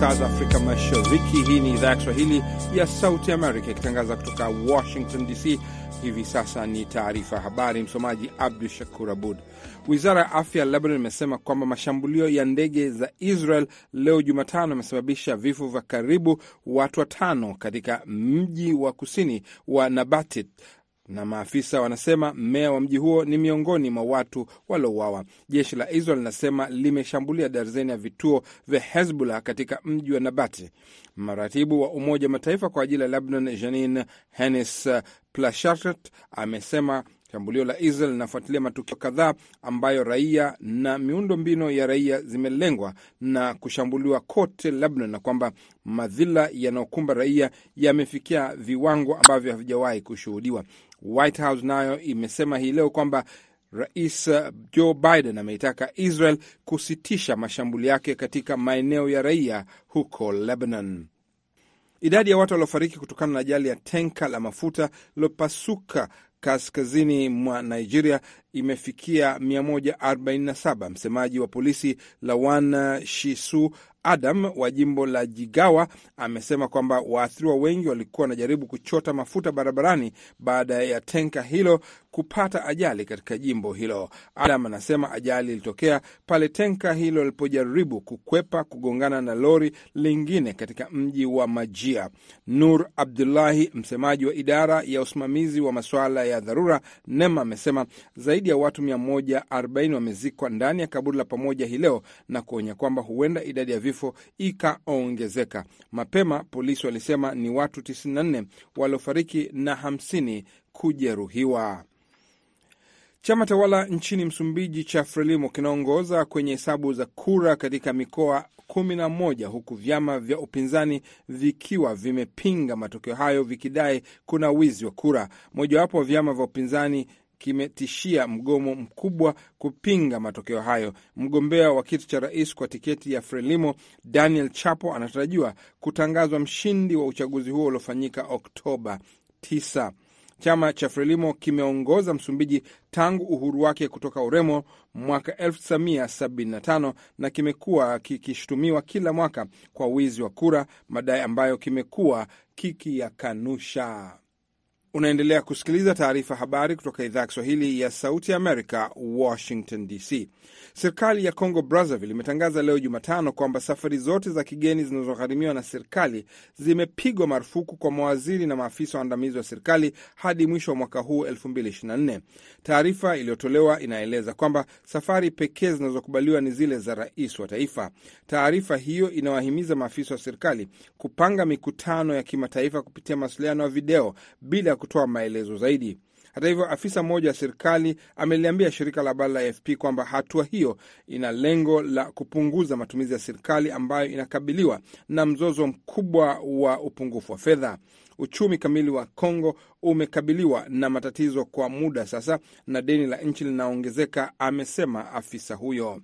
saa za Afrika Mashariki. Hii ni idhaa ya Kiswahili ya Sauti Amerika ikitangaza kutoka Washington DC. Hivi sasa ni taarifa habari, msomaji Abdu Shakur Abud. Wizara ya afya ya Lebanon imesema kwamba mashambulio ya ndege za Israel leo Jumatano yamesababisha vifo vya karibu watu watano katika mji wa kusini wa Nabatit na maafisa wanasema meya wa mji huo ni miongoni mwa watu waliouawa. Jeshi la Israel linasema limeshambulia darzeni ya vituo vya Hezbollah katika mji wa Nabati. Mratibu wa Umoja wa Mataifa kwa ajili ya Lebanon, Jeanine Hennis Plashart, amesema Shambulio la Israel linafuatilia matukio kadhaa ambayo raia na miundo mbino ya raia zimelengwa na kushambuliwa kote Lebanon, na kwamba madhila yanayokumba raia yamefikia viwango ambavyo havijawahi kushuhudiwa. White House nayo imesema hii leo kwamba Rais Joe Biden ameitaka Israel kusitisha mashambulio yake katika maeneo ya raia huko Lebanon. Idadi ya watu waliofariki kutokana na ajali ya tenka la mafuta lilopasuka kaskazini mwa Nigeria imefikia 147. Msemaji wa polisi Lawan Shisu Adam wa jimbo la Jigawa amesema kwamba waathiriwa wengi walikuwa wanajaribu kuchota mafuta barabarani baada ya tenka hilo kupata ajali katika jimbo hilo. Adam anasema ajali ilitokea pale tenka hilo lilipojaribu kukwepa kugongana na lori lingine katika mji wa Majia. Nur Abdullahi, msemaji wa idara ya usimamizi wa masuala ya dharura NEMA, amesema zaidi ya watu 140 wamezikwa ndani ya kaburi la pamoja hii leo na kuonya kwamba huenda idadi ya vifo ikaongezeka. Mapema polisi walisema ni watu 94 waliofariki na 50 kujeruhiwa. Chama tawala nchini Msumbiji cha Frelimo kinaongoza kwenye hesabu za kura katika mikoa 11 moja huku vyama vya upinzani vikiwa vimepinga matokeo hayo vikidai kuna wizi wa kura. Mojawapo wa vyama vya upinzani kimetishia mgomo mkubwa kupinga matokeo hayo. Mgombea wa kiti cha rais kwa tiketi ya Frelimo, Daniel Chapo, anatarajiwa kutangazwa mshindi wa uchaguzi huo uliofanyika Oktoba 9. Chama cha Frelimo kimeongoza Msumbiji tangu uhuru wake kutoka Uremo mwaka 1975 na kimekuwa kikishutumiwa kila mwaka kwa wizi wa kura, madai ambayo kimekuwa kikiyakanusha. Unaendelea kusikiliza taarifa habari kutoka idhaa ya Kiswahili ya Sauti Amerika, Washington DC. Serikali ya Congo Brazzaville imetangaza leo Jumatano kwamba safari zote za kigeni zinazogharimiwa na serikali zimepigwa marufuku kwa mawaziri na maafisa waandamizi wa serikali hadi mwisho wa mwaka huu 2024. Taarifa iliyotolewa inaeleza kwamba safari pekee zinazokubaliwa ni zile za rais wa taifa. Taarifa hiyo inawahimiza maafisa wa serikali kupanga mikutano ya kimataifa kupitia mawasiliano ya video bila kutoa maelezo zaidi. Hata hivyo, afisa mmoja wa serikali ameliambia shirika la habari la AFP kwamba hatua hiyo ina lengo la kupunguza matumizi ya serikali ambayo inakabiliwa na mzozo mkubwa wa upungufu wa fedha. Uchumi kamili wa Kongo umekabiliwa na matatizo kwa muda sasa na deni la nchi linaongezeka, amesema afisa huyo.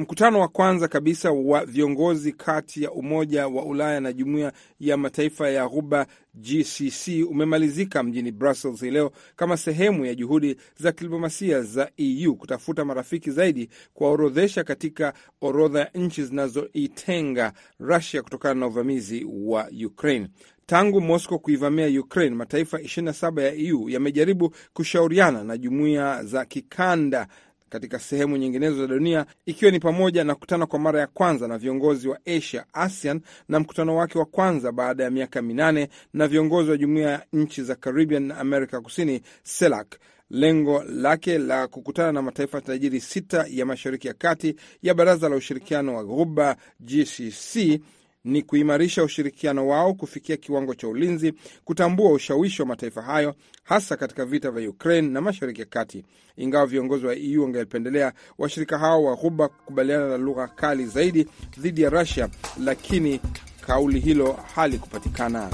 Mkutano wa kwanza kabisa wa viongozi kati ya Umoja wa Ulaya na Jumuiya ya Mataifa ya Ghuba GCC umemalizika mjini Brussels hii leo kama sehemu ya juhudi za kidiplomasia za EU kutafuta marafiki zaidi kuwaorodhesha katika orodha ya nchi zinazoitenga Rusia kutokana na uvamizi wa Ukraine. Tangu Moscow kuivamia Ukraine, mataifa 27 ya EU yamejaribu kushauriana na jumuiya za kikanda katika sehemu nyinginezo za dunia, ikiwa ni pamoja na kukutana kwa mara ya kwanza na viongozi wa Asia ASEAN na mkutano wake wa kwanza baada ya miaka minane na viongozi wa jumuiya ya nchi za Caribbean na Amerika Kusini CELAC lengo lake la kukutana na mataifa tajiri sita ya mashariki ya kati ya baraza la ushirikiano wa Ghuba GCC ni kuimarisha ushirikiano wao kufikia kiwango cha ulinzi, kutambua ushawishi wa mataifa hayo hasa katika vita vya Ukraine na Mashariki ya Kati. Ingawa viongozi wa EU wangependelea washirika hao wa Ghuba kukubaliana na lugha kali zaidi dhidi ya Russia, lakini kauli hilo halikupatikana.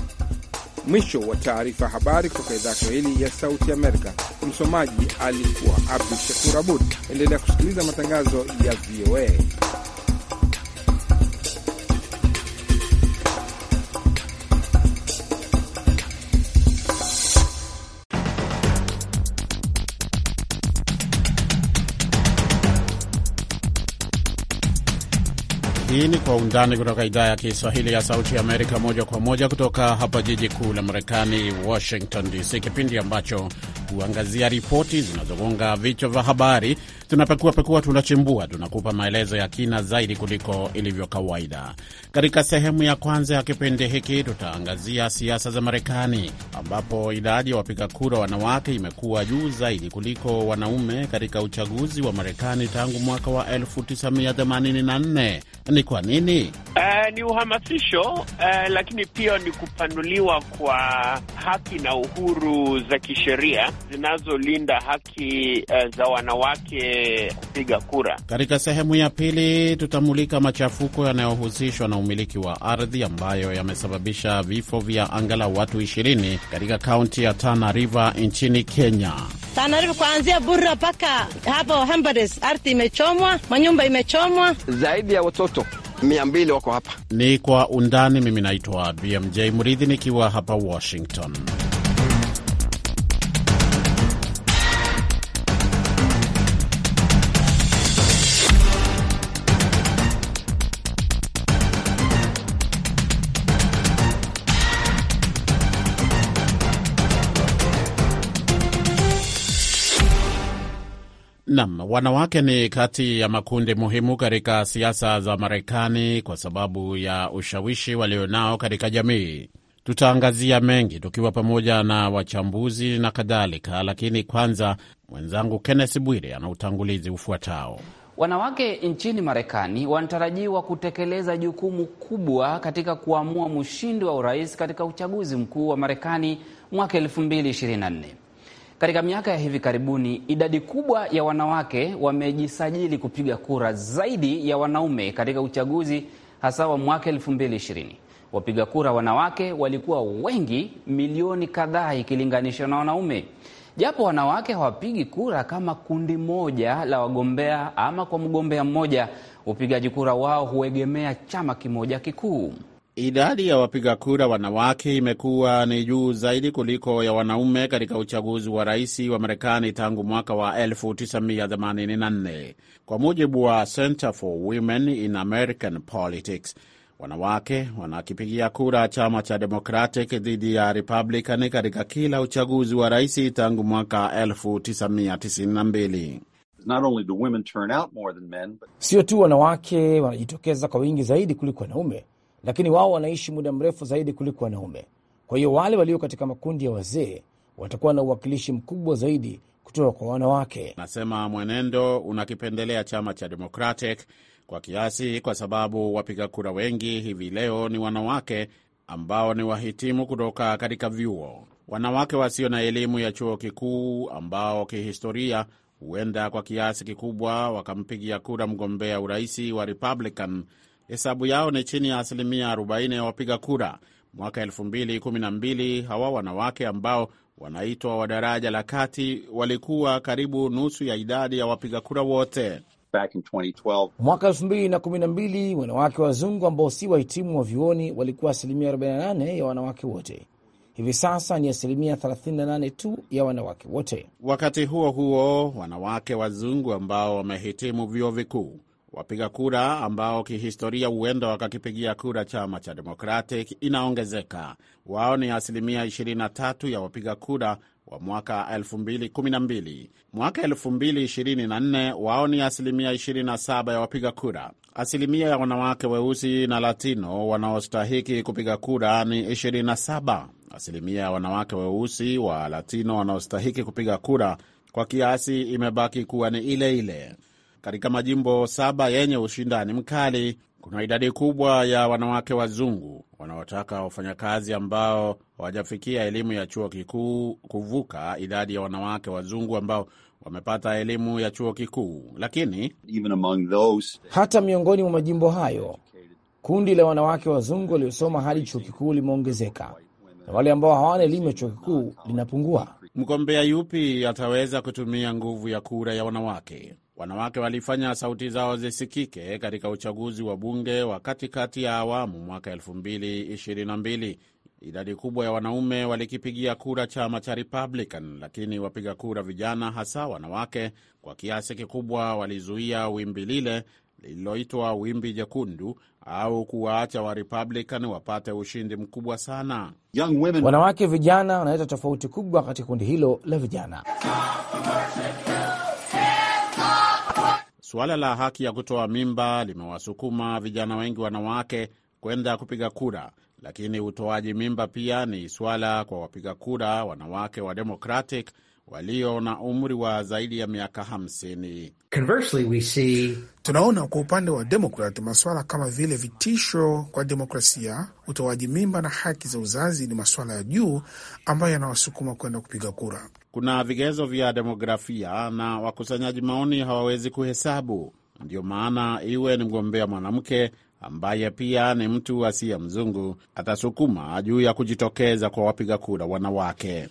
Mwisho wa taarifa. Habari kutoka idhaa ya Kiswahili ya Sauti Amerika. Msomaji alikuwa Abdu Shakur Abud. Endelea kusikiliza matangazo ya VOA. Hii ni Kwa Undani kutoka idhaa ya Kiswahili ya Sauti ya Amerika, moja kwa moja kutoka hapa jiji kuu la Marekani, Washington DC, kipindi ambacho huangazia ripoti zinazogonga vichwa vya habari tunapekua pekua, tunachimbua, tunakupa maelezo ya kina zaidi kuliko ilivyo kawaida. Katika sehemu ya kwanza ya kipindi hiki tutaangazia siasa za Marekani, ambapo idadi ya wapiga kura wanawake imekuwa juu zaidi kuliko wanaume katika uchaguzi wa Marekani tangu mwaka wa 1984. Ni kwa nini? Uh, ni uhamasisho uh, lakini pia ni kupanuliwa kwa haki na uhuru za kisheria zinazolinda haki uh, za wanawake kupiga kura. Katika sehemu ya pili, tutamulika machafuko yanayohusishwa na umiliki wa ardhi ambayo yamesababisha vifo vya angalau watu 20 katika kaunti ya Tana River nchini Kenya. Tana River kuanzia Burra mpaka hapo Hambares, ardhi imechomwa, manyumba imechomwa, zaidi ya watoto mia mbili wako hapa. Ni kwa undani. Mimi naitwa BMJ Mridhi nikiwa hapa Washington. Nam, wanawake ni kati ya makundi muhimu katika siasa za Marekani kwa sababu ya ushawishi walionao katika jamii. Tutaangazia mengi tukiwa pamoja na wachambuzi na kadhalika, lakini kwanza mwenzangu Kenneth Bwire ana utangulizi ufuatao. Wanawake nchini Marekani wanatarajiwa kutekeleza jukumu kubwa katika kuamua mshindi wa urais katika uchaguzi mkuu wa Marekani mwaka 2024. Katika miaka ya hivi karibuni, idadi kubwa ya wanawake wamejisajili kupiga kura zaidi ya wanaume katika uchaguzi hasa wa mwaka ishirini. Wapiga kura wanawake walikuwa wengi milioni kadhaa ikilinganishwa na wanaume. Japo wanawake hawapigi kura kama kundi moja la wagombea ama kwa mgombea mmoja, upigaji kura wao huegemea chama kimoja kikuu. Idadi ya wapiga kura wanawake imekuwa ni juu zaidi kuliko ya wanaume katika uchaguzi wa rais wa Marekani tangu mwaka wa 1984 kwa mujibu wa Center for Women in American Politics. Wanawake wanakipigia kura chama cha Democratic dhidi ya Republican katika kila uchaguzi wa rais tangu mwaka 1992. Sio tu wanawake wanajitokeza kwa wingi zaidi kuliko wanaume lakini wao wanaishi muda mrefu zaidi kuliko wanaume. Kwa hiyo wale walio katika makundi ya wazee watakuwa na uwakilishi mkubwa zaidi kutoka kwa wanawake. Nasema mwenendo unakipendelea chama cha Democratic kwa kiasi, kwa sababu wapiga kura wengi hivi leo ni wanawake ambao ni wahitimu kutoka katika vyuo, wanawake wasio na elimu ya chuo kikuu, ambao kihistoria huenda kwa kiasi kikubwa wakampigia kura mgombea uraisi wa Republican hesabu yao ni chini ya asilimia 40 ya wapiga kura. Mwaka 2012 hawa wanawake ambao wanaitwa wa daraja la kati walikuwa karibu nusu ya idadi ya wapiga kura wote. Back in 2012. Mwaka 2012 wanawake wazungu ambao si wahitimu wa vyuoni walikuwa asilimia 48 ya wanawake wote. Hivi sasa ni asilimia 38 tu ya wanawake wote. Wakati huo huo, wanawake wazungu ambao wamehitimu vyuo vikuu Wapiga kura ambao kihistoria huenda wakakipigia kura chama cha Democratic inaongezeka. Wao ni asilimia 23 ya wapiga kura wa mwaka 2012. Mwaka 2024 wao ni asilimia 27 ya wapiga kura. Asilimia ya wanawake weusi na Latino wanaostahiki kupiga kura ni 27. Asilimia ya wanawake weusi wa Latino wanaostahiki kupiga kura kwa kiasi imebaki kuwa ni ile ile katika majimbo saba yenye ushindani mkali kuna idadi kubwa ya wanawake wazungu wanaotaka wafanyakazi ambao hawajafikia elimu ya chuo kikuu kuvuka idadi ya wanawake wazungu ambao wamepata elimu ya chuo kikuu. Lakini Even among those... hata miongoni mwa majimbo hayo kundi la wanawake wazungu waliosoma hadi chuo kikuu limeongezeka na wale ambao hawana elimu ya chuo kikuu linapungua. Mgombea yupi ataweza kutumia nguvu ya kura ya wanawake? Wanawake walifanya sauti zao zisikike katika uchaguzi wa bunge wa katikati ya awamu mwaka 2022. Idadi kubwa ya wanaume walikipigia kura chama cha Republican, lakini wapiga kura vijana, hasa wanawake, kwa kiasi kikubwa walizuia wimbi lile lililoitwa wimbi jekundu au kuwaacha wa Republican wapate ushindi mkubwa sana. Young women... wanawake vijana wanaleta tofauti kubwa katika kundi hilo la vijana Suala la haki ya kutoa mimba limewasukuma vijana wengi wanawake kwenda kupiga kura, lakini utoaji mimba pia ni swala kwa wapiga kura wanawake wa Democratic walio na umri wa zaidi ya miaka 50. see... tunaona kwa upande wa Demokrat masuala kama vile vitisho kwa demokrasia, utoaji mimba na haki za uzazi ni masuala ya juu ambayo yanawasukuma kwenda kupiga kura kuna vigezo vya demografia na wakusanyaji maoni hawawezi kuhesabu. ndio maana iwe ni mgombea mwanamke ambaye pia ni mtu asiye mzungu atasukuma juu ya kujitokeza kwa wapiga kura wanawake.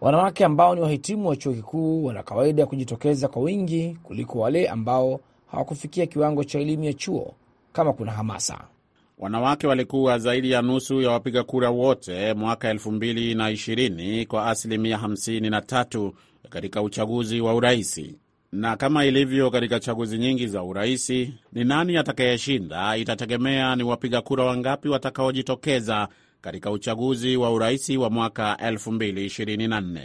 Wanawake ambao ni wahitimu wa chuo kikuu wana kawaida ya kujitokeza kwa wingi kuliko wale ambao hawakufikia kiwango cha elimu ya chuo kama kuna hamasa. Wanawake walikuwa zaidi ya nusu ya wapiga kura wote mwaka 2020 kwa asilimia 53 katika uchaguzi wa uraisi. Na kama ilivyo katika chaguzi nyingi za uraisi, ni nani atakayeshinda itategemea ni wapiga kura wangapi watakaojitokeza katika uchaguzi wa uraisi wa mwaka 2024.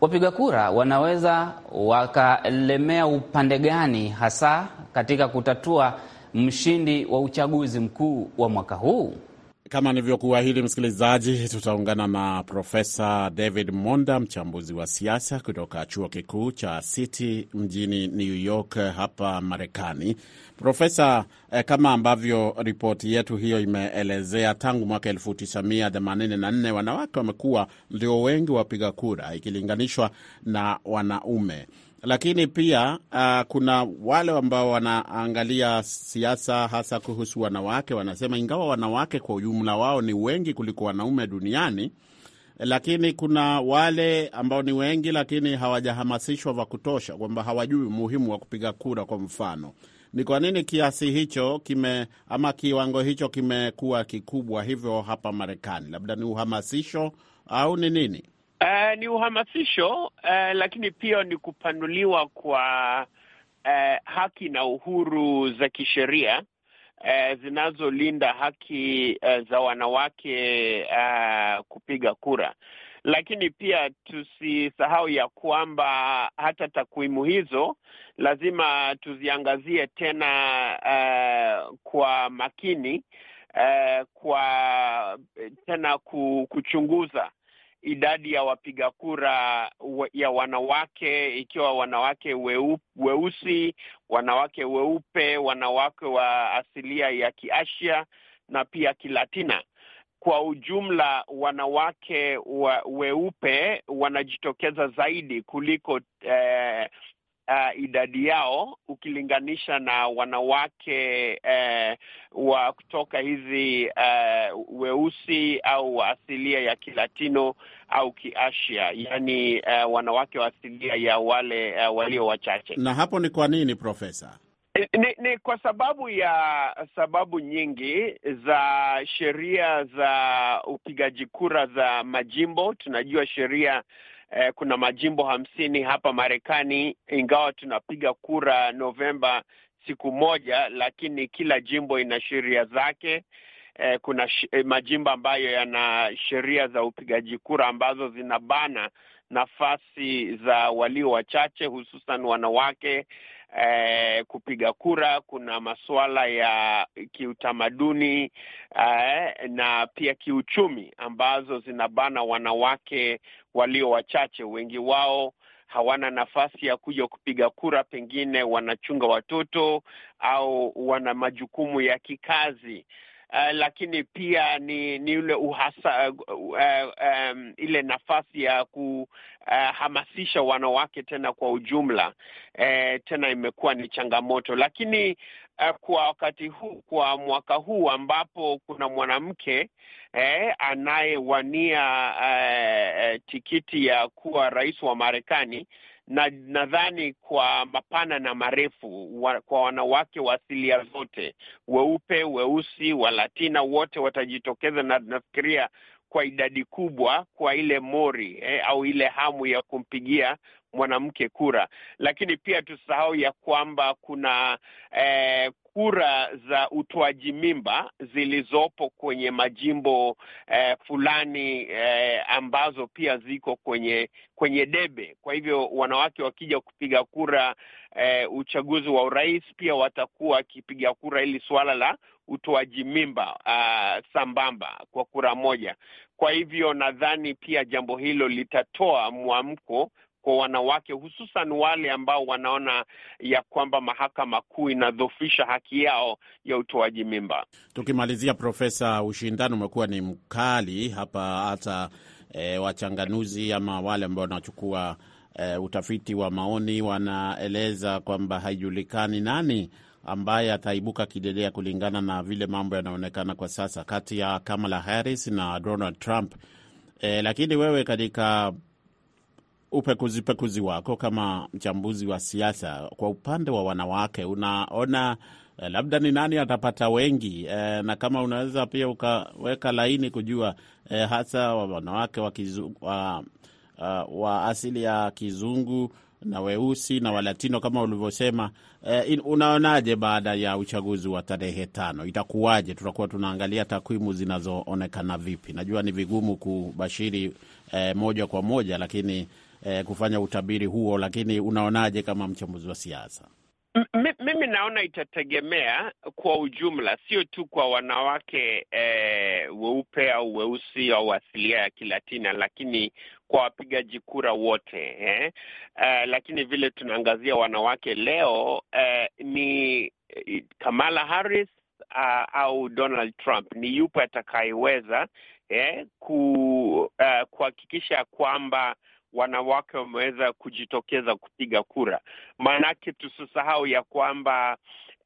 Wapiga kura wanaweza wakalemea upande gani hasa katika kutatua mshindi wa uchaguzi mkuu wa mwaka huu. Kama nilivyokuahidi, msikilizaji, tutaungana na Profesa David Monda, mchambuzi wa siasa kutoka chuo kikuu cha City mjini New York hapa Marekani. Profesa, eh, kama ambavyo ripoti yetu hiyo imeelezea, tangu mwaka 1984 wanawake wamekuwa ndio wengi wapiga kura ikilinganishwa na wanaume lakini pia uh, kuna wale ambao wanaangalia siasa hasa kuhusu wanawake, wanasema ingawa wanawake kwa ujumla wao ni wengi kuliko wanaume duniani, lakini kuna wale ambao ni wengi lakini hawajahamasishwa vya kutosha, kwamba hawajui umuhimu wa kupiga kura. Kwa mfano, ni kwa nini kiasi hicho kime ama kiwango hicho kimekuwa kikubwa hivyo hapa Marekani? Labda ni uhamasisho au ni nini? Uh, ni uhamasisho uh, lakini pia ni kupanuliwa kwa uh, haki na uhuru za kisheria uh, zinazolinda haki uh, za wanawake uh, kupiga kura, lakini pia tusisahau ya kwamba hata takwimu hizo lazima tuziangazie tena uh, kwa makini uh, kwa tena kuchunguza idadi ya wapiga kura ya wanawake ikiwa wanawake weu, weusi, wanawake weupe, wanawake wa asilia ya Kiasia na pia Kilatina. Kwa ujumla wanawake wa, weupe wanajitokeza zaidi kuliko eh, uh, idadi yao ukilinganisha na wanawake uh, wa kutoka hizi uh, weusi au asilia ya Kilatino au Kiasia, yani uh, wanawake wa asilia ya wale uh, walio wachache. Na hapo ni kwa nini Profesa? Ni, ni kwa sababu ya sababu nyingi za sheria za upigaji kura za majimbo. Tunajua sheria eh, kuna majimbo hamsini hapa Marekani, ingawa tunapiga kura Novemba siku moja, lakini kila jimbo ina sheria zake. Eh, kuna sh eh, majimbo ambayo yana sheria za upigaji kura ambazo zinabana nafasi za walio wachache hususan wanawake eh, kupiga kura. Kuna masuala ya kiutamaduni eh, na pia kiuchumi ambazo zinabana wanawake walio wachache. Wengi wao hawana nafasi ya kuja kupiga kura, pengine wanachunga watoto au wana majukumu ya kikazi. Uh, lakini pia ni ni ule uhasa, uh, uh, um, ile nafasi ya kuhamasisha eh, uh, wanawake tena kwa ujumla uh, tena imekuwa ni changamoto, lakini uh, kwa wakati huu, kwa mwaka huu ambapo kuna mwanamke eh, anayewania eh, eh, tikiti ya kuwa rais wa Marekani na nadhani kwa mapana na marefu wa, kwa wanawake wa asilia zote, weupe, weusi, walatina wote watajitokeza, na nafikiria kwa idadi kubwa kwa ile mori eh, au ile hamu ya kumpigia mwanamke kura, lakini pia tusahau ya kwamba kuna eh, kura za utoaji mimba zilizopo kwenye majimbo eh, fulani eh, ambazo pia ziko kwenye kwenye debe. Kwa hivyo wanawake wakija kupiga kura eh, uchaguzi wa urais pia watakuwa wakipiga kura hili suala la utoaji mimba uh, sambamba kwa kura moja. Kwa hivyo nadhani pia jambo hilo litatoa mwamko kwa wanawake hususan wale ambao wanaona ya kwamba mahakama kuu inadhofisha haki yao ya utoaji mimba. Tukimalizia, Profesa, ushindani umekuwa ni mkali hapa, hata e, wachanganuzi ama wale ambao wanachukua e, utafiti wa maoni wanaeleza kwamba haijulikani nani ambaye ataibuka kidedea kulingana na vile mambo yanaonekana kwa sasa kati ya Kamala Harris na Donald Trump. E, lakini wewe katika upekuzipekuzi wako kama mchambuzi wa siasa kwa upande wa wanawake unaona e, labda ni nani atapata wengi? E, na kama unaweza pia ukaweka laini kujua e, hasa wanawake wa, kizu, wa, wa asili ya kizungu na weusi na Walatino kama ulivyosema. Eh, unaonaje baada ya uchaguzi wa tarehe tano itakuwaje? Tutakuwa tunaangalia takwimu zinazoonekana vipi? Najua ni vigumu kubashiri eh, moja kwa moja, lakini eh, kufanya utabiri huo, lakini unaonaje kama mchambuzi wa siasa? Mimi naona itategemea kwa ujumla, sio tu kwa wanawake e, weupe au weusi au asilia ya Kilatina, lakini kwa wapigaji kura wote eh? Uh, lakini vile tunaangazia wanawake leo uh, ni eh, Kamala Harris uh, au Donald Trump, ni yupo atakayeweza eh, ku uh, kuhakikisha kwamba wanawake wameweza kujitokeza kupiga kura. Maanake tusisahau ya kwamba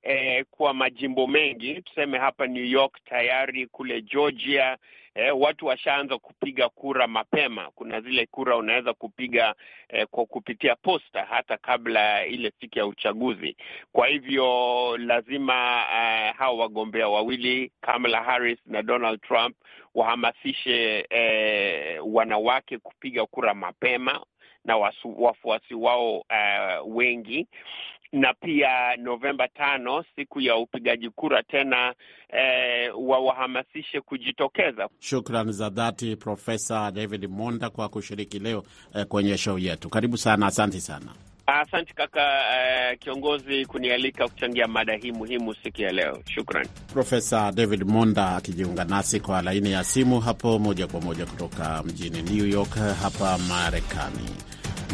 eh, kwa majimbo mengi tuseme hapa New York tayari, kule Georgia eh, watu washaanza kupiga kura mapema. Kuna zile kura unaweza kupiga eh, kwa kupitia posta hata kabla ile siku ya uchaguzi. Kwa hivyo lazima eh, hawa wagombea wawili Kamala Harris na Donald Trump wahamasishe eh, wanawake kupiga kura mapema na wasu, wafuasi wao uh, wengi na pia Novemba tano, siku ya upigaji kura tena, eh, uh, wawahamasishe kujitokeza. Shukran za dhati Profesa David Monda kwa kushiriki leo eh, kwenye show yetu. Karibu sana, asante sana. Asante kaka uh, kiongozi kunialika kuchangia mada hii muhimu siku ya leo. Shukran Profesa David Monda akijiunga nasi kwa laini ya simu hapo moja kwa moja kutoka mjini New York hapa Marekani.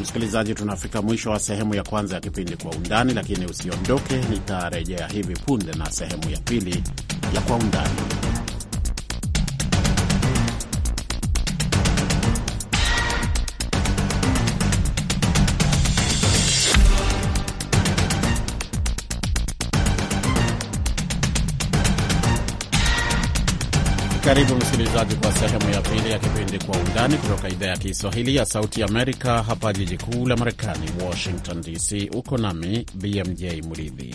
Msikilizaji, tunafika mwisho wa sehemu ya kwanza ya kipindi Kwa Undani, lakini usiondoke, nitarejea hivi punde na sehemu ya pili ya Kwa Undani. Karibu msikilizaji kwa sehemu ya pili ya kipindi Kwa Undani kutoka idhaa ya Kiswahili ya Sauti Amerika, hapa jiji kuu la Marekani, Washington DC. Uko nami BMJ Mridhi.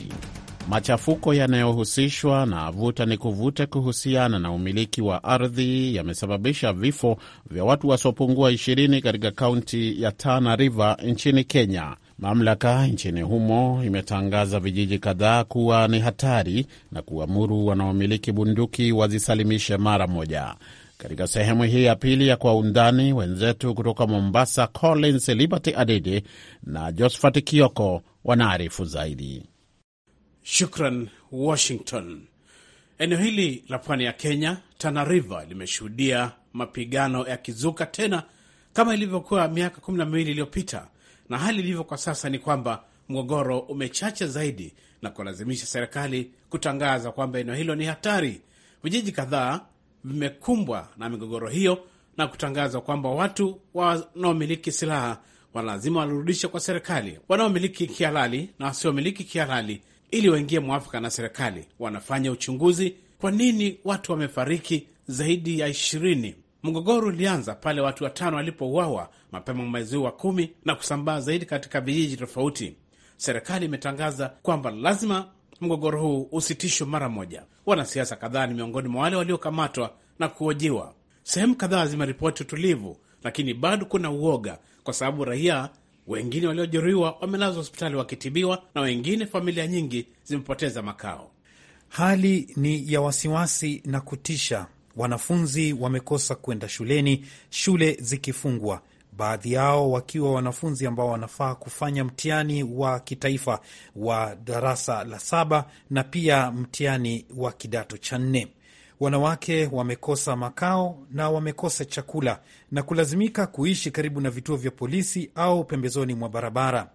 Machafuko yanayohusishwa na vuta ni kuvute kuhusiana na umiliki wa ardhi yamesababisha vifo vya watu wasiopungua 20 katika kaunti ya Tana River nchini Kenya, Mamlaka nchini humo imetangaza vijiji kadhaa kuwa ni hatari na kuamuru wanaomiliki bunduki wazisalimishe mara moja. Katika sehemu hii ya pili ya Kwa Undani, wenzetu kutoka Mombasa, Collins Liberty Adidi na Josphat Kioko wanaarifu zaidi. Shukran, Washington. Eneo hili la pwani ya Kenya, Tana River, limeshuhudia mapigano yakizuka tena kama ilivyokuwa miaka kumi na miwili iliyopita na hali ilivyo kwa sasa ni kwamba mgogoro umechacha zaidi na kulazimisha serikali kutangaza kwamba eneo hilo ni hatari. Vijiji kadhaa vimekumbwa na migogoro hiyo na kutangaza kwamba watu wanaomiliki silaha walazima walirudisha kwa serikali, wanaomiliki kihalali na wasiomiliki kihalali, ili waingie mwafaka na serikali. Wanafanya uchunguzi, kwa nini watu wamefariki zaidi ya ishirini Mgogoro ulianza pale watu watano walipouawa mapema mwezi wa kumi na kusambaa zaidi katika vijiji tofauti. Serikali imetangaza kwamba lazima mgogoro huu usitishwe mara moja. Wanasiasa kadhaa ni miongoni mwa wale waliokamatwa na kuhojiwa. Sehemu kadhaa zimeripoti utulivu, lakini bado kuna uoga, kwa sababu raia wengine waliojeruhiwa wamelazwa hospitali wakitibiwa, na wengine familia nyingi zimepoteza makao. Hali ni ya wasiwasi na kutisha wanafunzi wamekosa kwenda shuleni, shule zikifungwa, baadhi yao wakiwa wanafunzi ambao wanafaa kufanya mtihani wa kitaifa wa darasa la saba na pia mtihani wa kidato cha nne. Wanawake wamekosa makao na wamekosa chakula na kulazimika kuishi karibu na vituo vya polisi au pembezoni mwa barabara.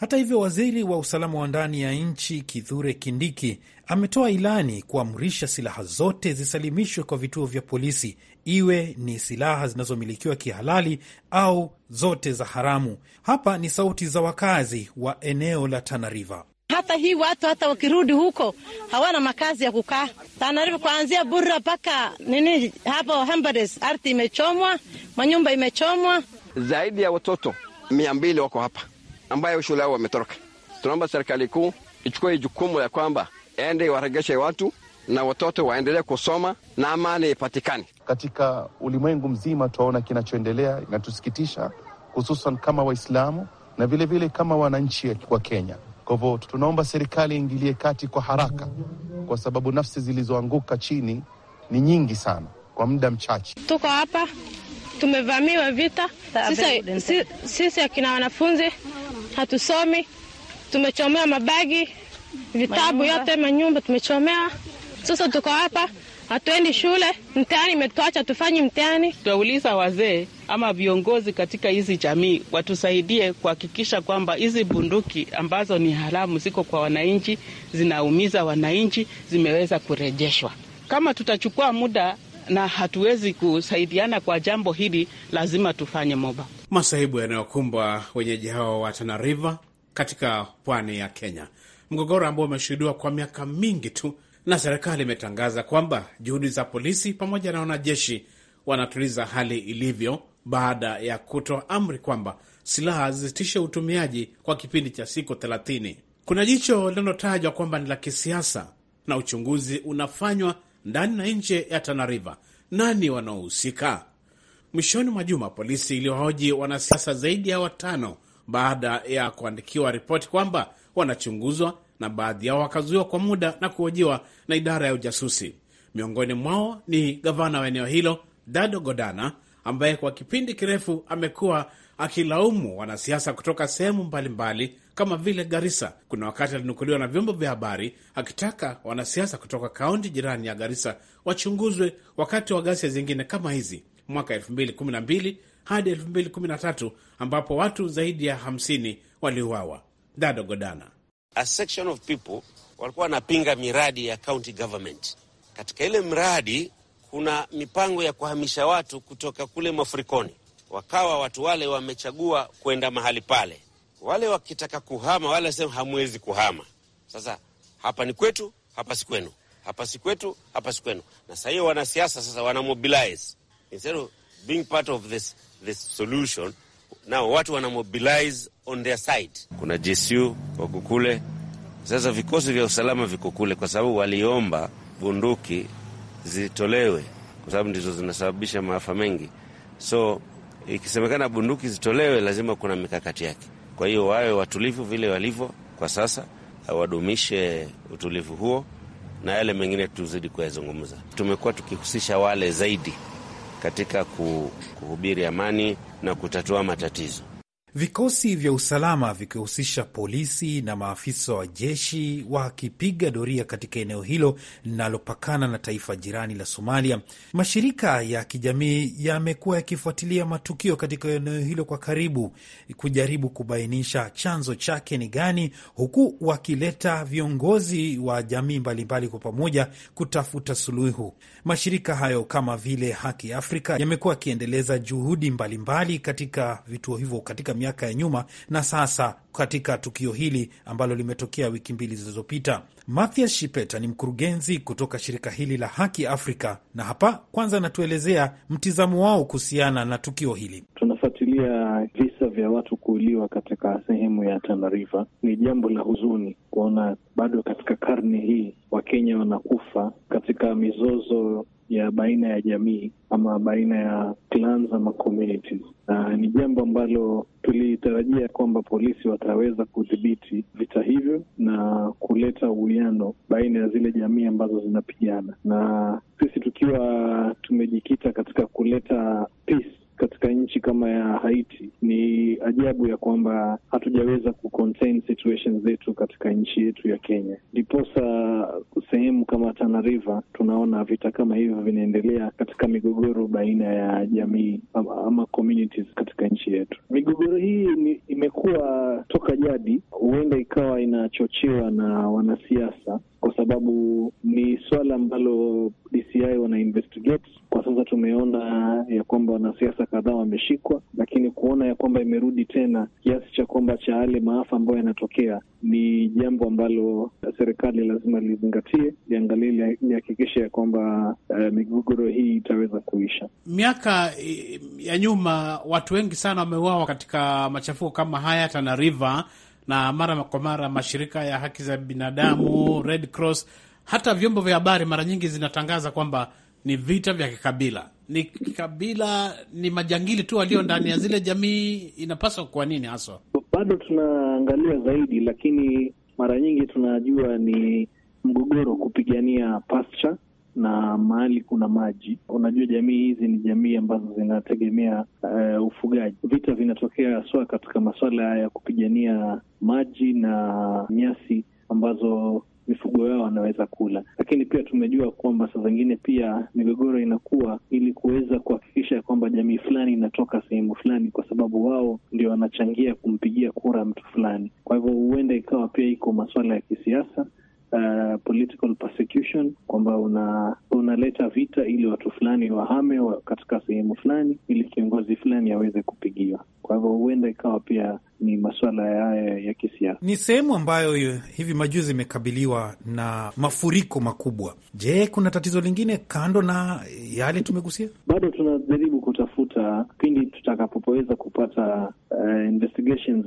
Hata hivyo, waziri wa usalama wa ndani ya nchi Kithure Kindiki ametoa ilani kuamrisha silaha zote zisalimishwe kwa vituo vya polisi, iwe ni silaha zinazomilikiwa kihalali au zote za haramu. Hapa ni sauti za wakazi wa eneo la Tana River. Hata hii watu hata wakirudi huko hawana makazi ya kukaa. Tana River kuanzia Burra mpaka nini hapo Hambades, ardhi imechomwa, manyumba imechomwa, zaidi ya watoto mia mbili wako hapa ambayo shule yao wametoroka. Tunaomba serikali kuu ichukue jukumu ya kwamba ende iwaregeshe watu na watoto waendelee kusoma na amani ipatikane katika ulimwengu mzima. Twaona kinachoendelea inatusikitisha, hususan kama Waislamu na vilevile vile kama wananchi wa Kenya. Kwa hivyo tunaomba serikali iingilie kati kwa haraka, kwa sababu nafsi zilizoanguka chini ni nyingi sana kwa muda mchache. Tuko hapa tumevamiwa vita sisi akina wanafunzi hatusomi, tumechomea mabagi, vitabu manyumba yote, manyumba tumechomea. Sasa tuko hapa, hatuendi shule, mtihani imetuacha tufanyi mtihani. Tutauliza wazee ama viongozi katika hizi jamii watusaidie kuhakikisha kwamba hizi bunduki ambazo ni haramu ziko kwa wananchi, zinaumiza wananchi, zimeweza kurejeshwa. Kama tutachukua muda na hatuwezi kusaidiana kwa jambo hili, lazima tufanye MOBA. Masaibu yanayokumbwa wenyeji hao wa Tana River katika pwani ya Kenya, mgogoro ambao umeshuhudiwa kwa miaka mingi tu, na serikali imetangaza kwamba juhudi za polisi pamoja na wanajeshi wanatuliza hali ilivyo baada ya kutoa amri kwamba silaha zisitishe utumiaji kwa kipindi cha siku 30. Kuna jicho linalotajwa kwamba ni la kisiasa na uchunguzi unafanywa ndani na nje ya Tana River. Nani wanaohusika? Mwishoni mwa juma polisi iliwahoji wanasiasa zaidi ya watano baada ya kuandikiwa ripoti kwamba wanachunguzwa, na baadhi yao wakazuiwa kwa muda na kuhojiwa na idara ya ujasusi. Miongoni mwao ni gavana wa eneo hilo Dado Godana ambaye kwa kipindi kirefu amekuwa akilaumu wanasiasa kutoka sehemu mbalimbali kama vile Garissa. Kuna wakati alinukuliwa na vyombo vya habari akitaka wanasiasa kutoka kaunti jirani ya Garissa wachunguzwe wakati wa ghasia zingine kama hizi mwaka 2012 hadi 2013 ambapo watu zaidi ya 50 waliuawa. Dado Godana, a section of people walikuwa wanapinga miradi ya county government. Katika ile mradi kuna mipango ya kuhamisha watu kutoka kule mafurikoni wakawa watu wale wamechagua kwenda mahali pale. Wale wakitaka kuhama, wale wasema hamwezi kuhama. Sasa hapa ni kwetu, hapa si kwenu, hapa si kwetu, hapa si kwenu. Na sasa hiyo wanasiasa sasa wanamobilize instead of being part of this, this solution now, watu wanamobilize on their side. Kuna JSU wako kule sasa, vikosi vya usalama viko kule kwa sababu waliomba bunduki zitolewe, kwa sababu ndizo zinasababisha maafa mengi so ikisemekana bunduki zitolewe, lazima kuna mikakati yake. Kwa hiyo wawe watulivu vile walivyo kwa sasa, wadumishe utulivu huo, na yale mengine tuzidi kuyazungumza. Tumekuwa tukihusisha wale zaidi katika kuhubiri amani na kutatua matatizo. Vikosi vya usalama vikihusisha polisi na maafisa wa jeshi wakipiga doria katika eneo hilo linalopakana na taifa jirani la Somalia. Mashirika ya kijamii yamekuwa yakifuatilia matukio katika eneo hilo kwa karibu, kujaribu kubainisha chanzo chake ni gani, huku wakileta viongozi wa jamii mbalimbali kwa pamoja kutafuta suluhu. Mashirika hayo kama vile Haki Afrika yamekuwa yakiendeleza juhudi mbalimbali mbali katika vituo hivyo katika miaka ya nyuma na sasa katika tukio hili ambalo limetokea wiki mbili zilizopita. Mathias Shipeta ni mkurugenzi kutoka shirika hili la Haki Afrika, na hapa kwanza anatuelezea mtizamo wao kuhusiana na tukio hili. Tunafuatilia vya watu kuuliwa katika sehemu ya Tana River ni jambo la huzuni kuona bado katika karne hii Wakenya wanakufa katika mizozo ya baina ya jamii ama baina ya clans ama communities, na ni jambo ambalo tulitarajia kwamba polisi wataweza kudhibiti vita hivyo na kuleta uwiano baina ya zile jamii ambazo zinapigana, na sisi tukiwa tumejikita katika kuleta peace katika nchi kama ya Haiti. Ni ajabu ya kwamba hatujaweza ku situation zetu katika nchi yetu ya Kenya, ndiposa sehemu kama Tana River tunaona vita kama hivyo vinaendelea katika migogoro baina ya jamii ama, ama communities katika nchi yetu. Migogoro hii imekuwa toka jadi, huenda ikawa inachochewa na wanasiasa kwa sababu ni swala ambalo DCI wanainvestigate kwa sasa. Tumeona ya kwamba wanasiasa kadhaa wameshikwa, lakini kuona ya kwamba imerudi tena kiasi cha kwamba cha yale maafa ambayo yanatokea ni jambo ambalo serikali lazima lizingatie, liangalie, lihakikishe ya kwamba uh, migogoro hii itaweza kuisha. Miaka eh, ya nyuma watu wengi sana wameuawa katika machafuko kama haya Tana River, na mara kwa mara mashirika ya haki za binadamu, Red Cross, hata vyombo vya habari mara nyingi zinatangaza kwamba ni vita vya kikabila ni kabila, ni majangili tu walio ndani ya zile jamii? Inapaswa kuwa nini haswa? Bado tunaangalia zaidi, lakini mara nyingi tunajua ni mgogoro kupigania pasture na mahali kuna maji. Unajua, jamii hizi ni jamii ambazo zinategemea uh, ufugaji. Vita vinatokea haswa katika masuala ya kupigania maji na nyasi ambazo mifugo yao wanaweza kula. Lakini pia tumejua kwamba saa zingine pia migogoro inakuwa ili kuweza kuhakikisha kwamba jamii fulani inatoka sehemu fulani, kwa sababu wao ndio wanachangia kumpigia kura mtu fulani. Kwa hivyo huenda ikawa pia iko masuala ya kisiasa uh, political persecution kwamba una, unaleta vita ili watu fulani wahame wa katika sehemu fulani ili kiongozi fulani aweze kupigiwa. Kwa hivyo huenda ikawa pia ni masuala haya ya kisiasa. Ni sehemu ambayo hivi majuzi imekabiliwa na mafuriko makubwa. Je, kuna tatizo lingine kando na yale tumegusia? Bado tunajaribu sasa pindi tutakapoweza kupata uh, investigations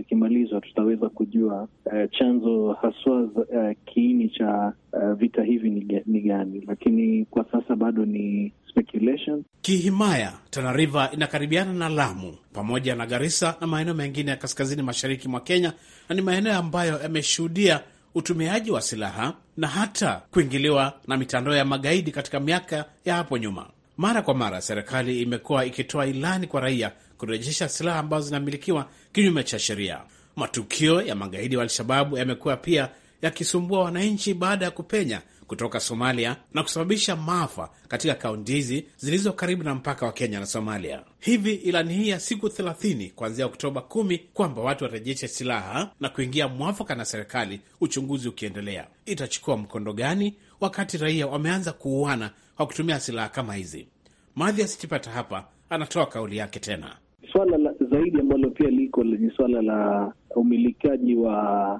tutaweza kujua uh, chanzo haswa uh, kiini cha uh, vita hivi ni, ni gani, lakini kwa sasa bado ni speculation. Kihimaya, Tana River inakaribiana na Lamu pamoja na Garissa na maeneo mengine ya kaskazini mashariki mwa Kenya, na ni maeneo ambayo yameshuhudia utumiaji wa silaha na hata kuingiliwa na mitandao ya magaidi katika miaka ya hapo nyuma. Mara kwa mara serikali imekuwa ikitoa ilani kwa raia kurejesha silaha ambazo zinamilikiwa kinyume cha sheria. Matukio ya magaidi wa Al-Shababu yamekuwa pia yakisumbua wananchi baada ya kupenya kutoka Somalia na kusababisha maafa katika kaunti hizi zilizo karibu na mpaka wa Kenya na Somalia. Hivi ilani hii ya siku 30 kuanzia Oktoba 10 kwamba watu warejeshe silaha na kuingia mwafaka na serikali, uchunguzi ukiendelea, itachukua mkondo gani wakati raia wameanza kuuana kwa kutumia silaha kama hizi. madhi Chipata hapa anatoa kauli yake tena. Swala la zaidi ambalo pia liko ni swala la umilikaji wa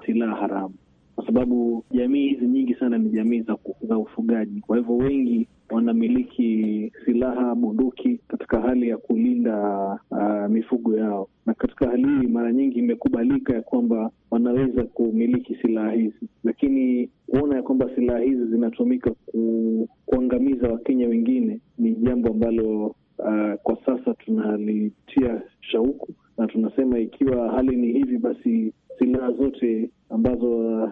silaha haramu, kwa sababu jamii hizi nyingi sana ni jamii za ufugaji, kwa hivyo wengi wanamiliki silaha, bunduki katika hali ya kulinda uh, mifugo yao, na katika hali hii mara nyingi imekubalika ya kwamba wanaweza kumiliki silaha hizi, lakini kuona ya kwamba silaha hizi zinatumika ku, kuangamiza Wakenya wengine ni jambo ambalo uh, kwa sasa tunalitia shauku na tunasema ikiwa hali ni hivi, basi silaha zote ambazo uh,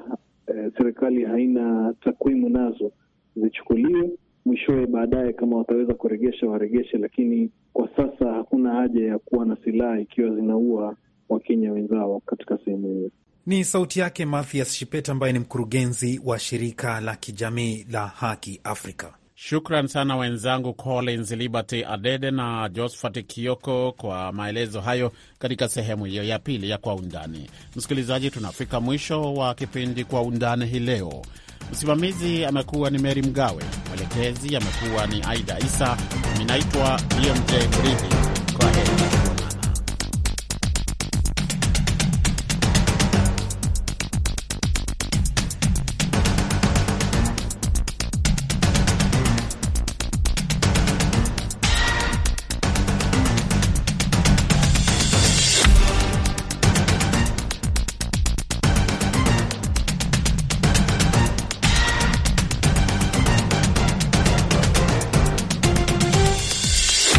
serikali haina takwimu nazo zichukuliwe mwishowe baadaye kama wataweza kuregesha waregeshe, lakini kwa sasa hakuna haja ya kuwa na silaha ikiwa zinaua Wakenya wenzao katika sehemu hiyo. Ni sauti yake Mathias shipet ambaye ni mkurugenzi wa shirika la kijamii la Haki Afrika. Shukran sana wenzangu Collins Liberty Adede na Josphat Kioko kwa maelezo hayo katika sehemu hiyo ya pili ya Kwa Undani. Msikilizaji, tunafika mwisho wa kipindi Kwa Undani hii leo. Msimamizi amekuwa ni Meri Mgawe, mwelekezi amekuwa ni Aida Isa. Ninaitwa BMJ Mridhi.